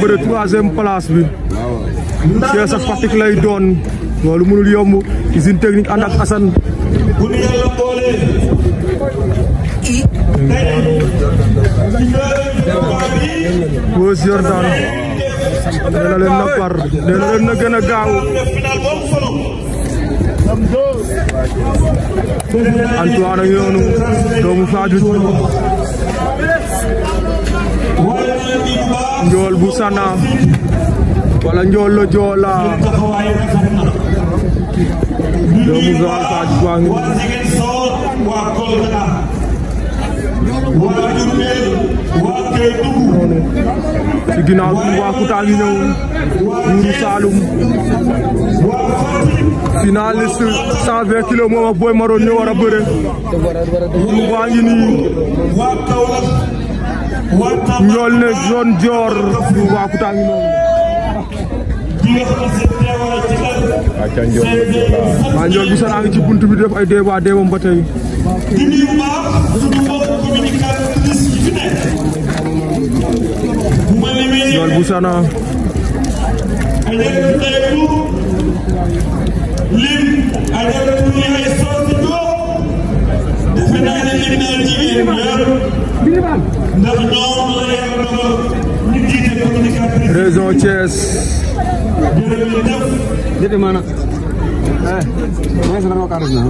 bëre troisième place bi ci sa Fatick lay doon loolu mënul yomb usine technique ànd ak Assane Weuz Jordan nee na leen na par nee leen na gën a gaaw Antoine a ngi noonu doomu Sana wala Ndiolo Joola doomu Joal Sadio Ba ngi ci ginnaaw bi waa Kouta ngi ñëw Nuuru Saloum finaliste 120 kilos ñool ne zone Dior waa Kouta ngi noonu aca ma jor. bi sara ci buntu bi def ay débat débat ba bu sana ay région Thiès jadi mana eh mana sedang karis nah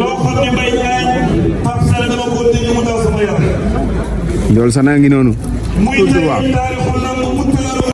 loxone bay ñaan parcelle dama ko tegg mu daw sama yaram dol sana ngi nonu muy taw